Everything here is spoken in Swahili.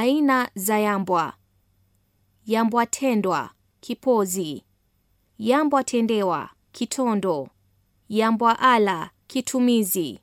aina za yambwa: yambwa tendwa, kipozi; yambwa tendewa, kitondo; yambwa ala, kitumizi.